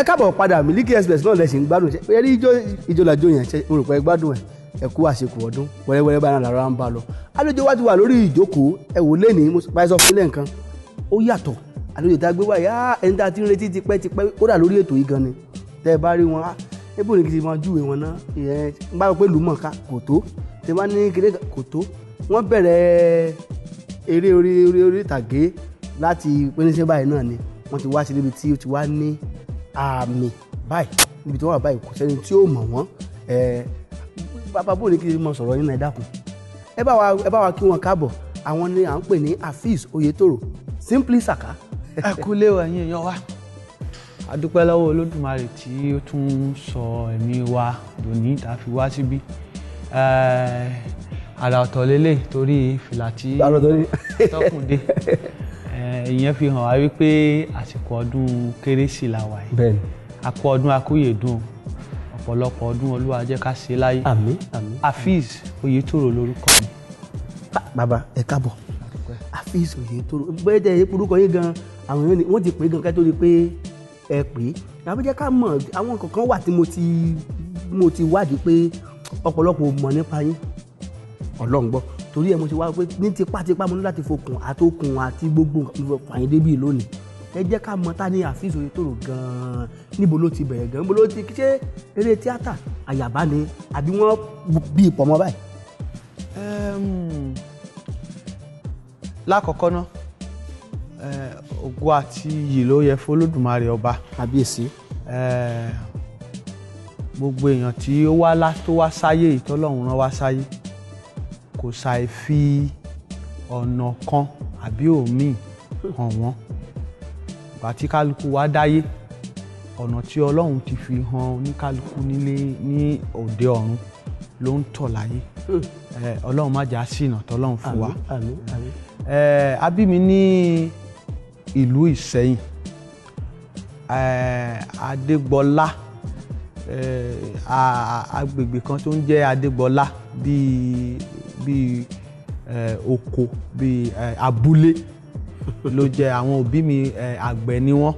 ẹ káàbọ̀ padà Miliki Express náà lẹ́sìn gbádùn ṣe rí ijó ìjọlàjò yẹn ṣe mo rò pé gbádùn ẹ̀ ẹ kú àsìkò ọdún wẹ́rẹ́wẹ́rẹ́ báyìí lára ń bá lọ àlejò wa ti wà lórí ìjókòó ẹ wò lẹ́ni mo bá sọ fúnlẹ̀ nǹkan ó yàtọ̀ àlejò tá a gbé wáyà ah, ẹni tá a ti ń retí tipẹ́ tipẹ́ ó dà lórí ètò yìí gan ni tẹ́ ẹ bá rí wọn ah, níbo ni kì í máa júwe wọn náà ìyẹn ń bá wọn pé lùmọ̀ọ́ká kò tó tẹ bá ní kéde kò tó wọ́n bẹ̀rẹ̀ eré orí orí orí ìtàgé láti pínísẹ́ báyìí náà ni wọ́n ti àmì báyìí níbi tí wọ́n wà báyìí kò sẹ́ni tí ó mọ̀ wọ́n bàbá bò ní kí n mọ sọ̀rọ̀ yín náà dákun ẹ bá wa ẹ bá wa kí wọn káàbọ̀ àwọn ni à ń pè ní afeez oyetoro simply saka. ẹ kú lé wa yín èèyàn wa a dúpẹ́ lọ́wọ́ olódùmarè tí ó tún sọ ẹ̀mí wa lónìí tá a fi wá síbí àrà ọ̀tọ̀ lélẹ̀ torí fìlà tí tọkùn dé Eh, ìyẹn fi hàn wá wípé àsìkò ọdún kérésì la wà yìí a akọ ọdún akóyèdùn ọ̀pọ̀lọpọ̀ ọdún olúwa jẹ́ ká ṣe láyé àmín àmín Afeez Oyètòrò lórúkọ mi. bàbá ẹ káàbọ̀ Afeez Oyètòrò bẹ́ẹ̀ tẹ ẹ orúkọ yín gan àwọn èèyàn ni wọ́n ti pè é gan kẹ́tọ́ ni pé ẹ pè é àbí jẹ́ ká mọ̀ àwọn kankan wà tí mo ti mo ti wádìí pé ọ̀pọ̀lọpọ̀ mọ̀ nípa yín ọlọ́ngbọ́n torí ẹ mo ṣe wá pé ní tipátipá mo ní láti fokùn àtòkùn àti gbogbo fàyín débì lónìí ẹ jẹ́ ká mọ ta ni Azeez Oyetoro gan-an níbo ló ti bẹ̀rẹ̀ gan-an níbo ló ti ṣe eré tíátà àyàbá ni àbí wọ́n bí ipò ọmọ báyìí. lákọ̀ọ́kọ́ ná ògo àti iyì ló yẹ fọlọ́dùmarè ọba kábíyèsí gbogbo èèyàn tí ó wá tó wá sáyé ìtọ́lọ́run rán wá sáyé kò ṣàì fi ọ̀nà kan àbí òmíì hàn wọ́n ìgbà tí kálukú wa dáyé ọ̀nà tí ọlọ́run ti fi hàn oníkálukú nílé ní òde ọ̀run ló ń tọ̀ láyé hmm. ọlọ́run má jà sí ìnà tọ́lọ́run fún wa a ní ìlú Ìsẹ́yìn Adégbọlá agbègbè kan tó ń jẹ́ Adégbọlá bíi bíi oko bíi abúlé ló jẹ àwọn òbí mi àgbẹ̀ ni wọ́n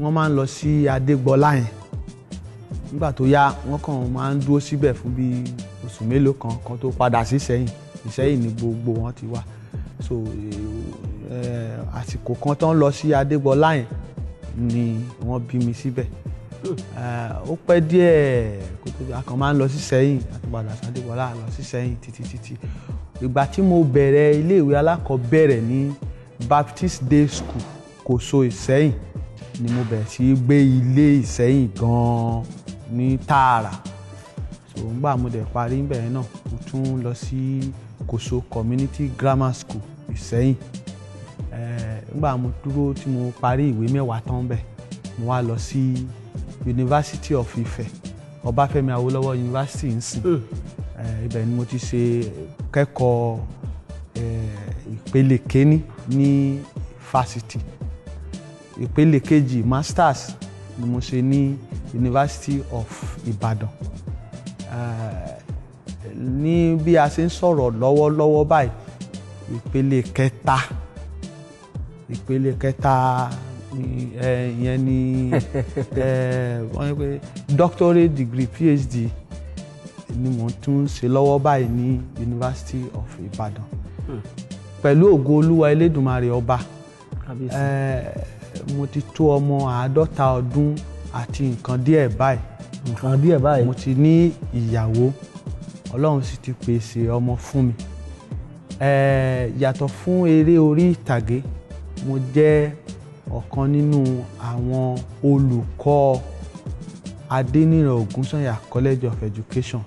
wọ́n máa ń lọ sí Adégbọlá yẹn nígbà tó yá wọ́n kàn máa ń dúró síbẹ̀ fún bíi oṣù mélòó kan kan tó padà sí Ìṣẹ́yìn Ìṣẹ́yìn ni gbogbo wọn ti wà so àsìkò kan tó ń lọ sí Adégbọlá yẹn ni wọ́n bí mi síbẹ̀. Si Eh, ó pẹ́ díẹ̀ a kàn máa ń lọ sí sẹ́yìn àtúpadà sádéwọlá lọ sí sẹ́yìn títí títí ìgbà tí mo bẹ̀rẹ̀ iléèwé alákọ̀ọ́bẹ̀rẹ̀ ní Baptist Day School Kòso Ìsẹ́yìn ni mo bẹ̀rẹ̀ sí gbé ilé Ìsẹ́yìn gan-an ní tààrà so ngbà mo dẹ̀ parí ń bẹ̀rẹ̀ náà mo tún lọ sí Kòso Community Grammar School Ìsẹ́yìn eh, ngbà mo dúró tí mo parí ìwé mẹ́wàá tán bẹ̀ mo wá lọ sí. Si University of Ife Ọbáfẹ́mi Awólọ́wọ̀ University ń sìn hmm. ibẹ̀ ni mo ti ṣe kẹ́kọ̀ọ́ ìpele kéní ní fásitì ìpele kejì masters ni mo ṣe ní University of Ibadan ní bí a ṣe ń sọ̀rọ̀ lọ́wọ́lọ́wọ́ báyìí ìpele kẹta ìpele kẹta ìyẹn ni wọ́n ní pé doctorate degree phd ni mo tún ṣe lọ́wọ́ báyìí ní University of Ibadan hmm. pẹ̀lú ògo olúwa elédùnmarè ọba mo ti tó ọmọ àádọ́ta ọdún àti nǹkan díẹ̀ báyìí nǹkan díẹ̀ báyìí mo ti ní ìyàwó ọlọ́run sì ti pèsè ọmọ fún mi yàtọ̀ fún eré orí ìtàgé mo jẹ́ ọ̀kan nínú àwọn olùkọ́ Adéníran Ògúnsànyà College of Education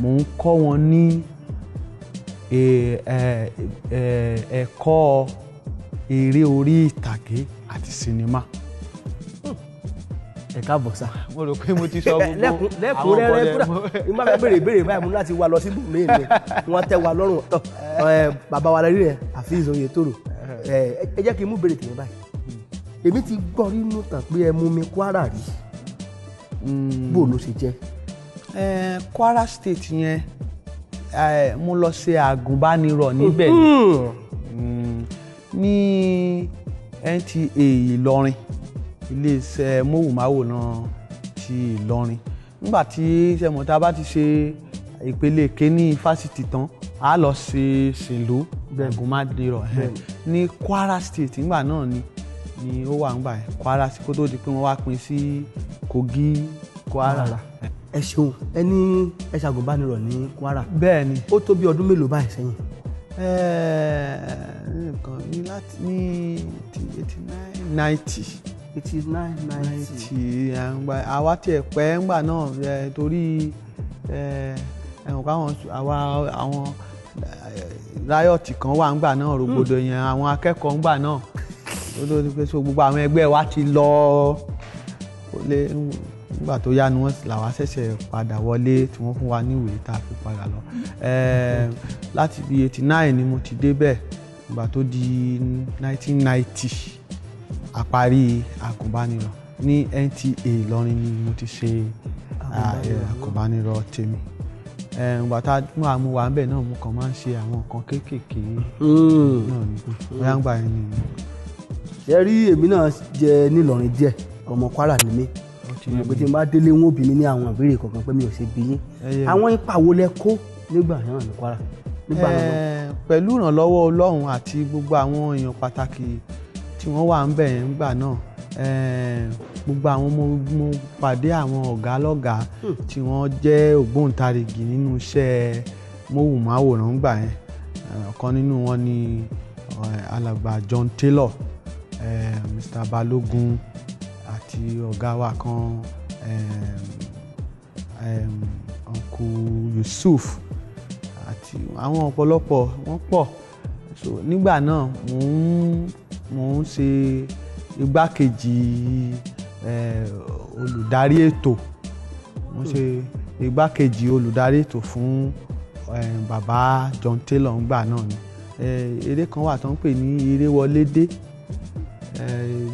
mò ń kọ́ wọn ní ẹ̀kọ́ eré orí ìtàgé àti sinimá ẹ káàbọ̀ sá. mo rò pé mo ti sọ gbogbo àwọn bọ́lẹ̀ mo. lẹ́kùnrẹ́rẹ́ kúrò ní bèrè béèrè báyìí mo láti wá lọ sí bùnmí mi wọ́n tẹ́ wa lọ́rùn bàbá wa lẹ́rìí rẹ̀ àfi ìzòyè tòrò ẹ jẹ́ kí n mú bèrè tèmi báyìí èmi ti gbọ́ nínú tàn pé ẹ mú mi Kwara rí hmm. bó ló ṣe jẹ́. Kwara State yẹn mo lọ ṣe àgùnbánirọ̀ níbẹ̀ hmm. Hmm. ní NTA Ìlọrin iléeṣẹ́ móhùnmáwòrán ti Ìlọrin nígbà tí sẹ́mọ̀tà bá ti ṣe ìpele kínní fásitì tán a lọ ṣe ṣèlú àgùnbánirọ̀ ní Kwara State nígbà náà ni ni ó wà ńgbà yẹn Kwara sí kó tó di pé wọ́n wá pín sí Kogi Kwara ẹ ṣeun ẹ ní ẹ ṣàgùnbánirọ̀ ní Kwara bẹ́ẹ̀ ni ó tó bí ọdún mélòó báyìí sẹ́yìn nǹkan ní láti ní eighty nine ninety. eighty nine ninety. àwa tiẹ̀ pẹ́ ńgbà náà torí ẹ̀wọ̀n káwọn àwa àwọn ráyọ̀tì kan wà ńgbà náà hmm. rògbòdò yẹn àwọn akẹ́kọ̀ọ́ ńgbà náà ó ló ní pé so gbogbo àwọn ẹgbẹ́ wa ti lọ lé nígbà tó yá ni wọ́n làwa ṣẹ̀ṣẹ̀ padà wọlé tí wọ́n fún wa níwèé tá a fi padà lọ láti bí eighty nine ni mo ti débẹ̀ ìgbà tó di nineteen ninety àparí àgùnbánirọ̀ ní NTA Ìlọrin ni mo ti ṣe àgùnbánirọ̀ tèmi ìgbà tá a mú wa ń bẹ̀ náà mo kàn máa ń ṣe àwọn nǹkan kéékèèké hmm. náà nígbà yẹn ni ṣe rí èmi náà jẹ nílọrin díẹ̀ ọmọ kwara ni mí mo pé tí n bá délé wọn bí mi ní àwọn ìbéèrè kankan pé mi ò ṣe bí yín àwọn ipa wo lẹ kó nígbà náà ní kwara nígbà náà. pẹ̀lú ìrànlọ́wọ́ ọlọ́run àti gbogbo àwọn èèyàn pàtàkì tí wọ́n wà ń bẹ̀ yẹn nígbà náà gbogbo àwọn mo mo pàdé àwọn ọ̀gá lọ́gàá hmm. tí wọ́n jẹ́ ògbóǹtarìgì nínú iṣẹ́ móhùnmáwòrán gbà yẹn ọ̀kan nínú wọn ni alàgbà John Taylor um, Mr. Balógun àti ọ̀gá wa kan um, um, Uncle Yusuf àti àwọn ọ̀pọ̀lọpọ̀ wọ́n pọ̀ so nígbà náà mò ń mò ń ṣe igbákejì um, olùdarí ètò mo ṣe igbákejì olùdarí ètò fún um, bàbá John Taylor ńgbà náà ni um, eré kan wà tó ń pè ní eré wọlé dé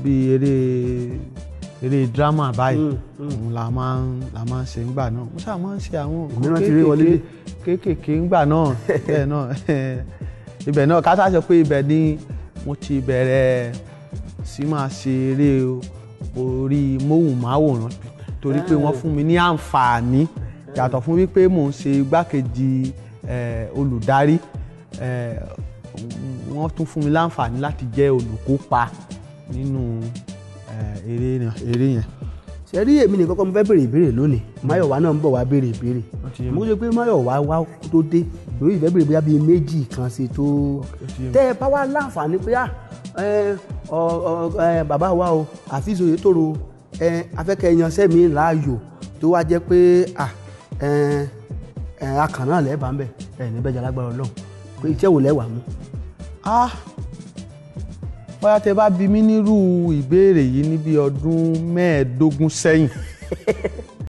bí eré eré drama báyìí mm, mm. òun la máa ń la máa ń ṣe ńgbà náà mo sáà máa ń ṣe àwọn òkú kéékèèké ńgbà náà bẹ́ẹ̀ náà ibẹ̀ náà ká sáà sọ pé ibẹ̀ ni mo ti bẹ̀rẹ̀ sí máa ṣe eré orí móhùnmáwòrán torí pé wọ́n fún mi ní àǹfààní yàtọ̀ fún wípé mò ń ṣe igbákejì olùdarí wọ́n tún fún mi láǹfààní láti jẹ́ olùkópa. nínú eh, eré yẹn ṣe rí èmi nìkan kọ́ mo fẹ́ béèrè ìbéèrè lónìí Máyọ̀wá náà ń bọ̀ wá béèrè ìbéèrè mo kọ́ pé Máyọ̀wá wá tó dé lórí ìfẹ́ béèrè bóyá bíi méjì kan ṣe tó tẹ́ ẹ bá wá láǹfààní pé ah, bàbá wa o Afeez Oyètòrò afẹ́kẹ́ yanṣẹ́ mi láàyò tó wá jẹ́ pé ah, akàn náà ń bẹ̀ ẹ̀ níbẹ̀ jẹ́ alágbára Ọlọ́run pé bóyá tẹ bá bi mí nírú ìbéèrè yìí ní ọdún mẹ́ẹ̀ẹ́dógún sẹ́yìn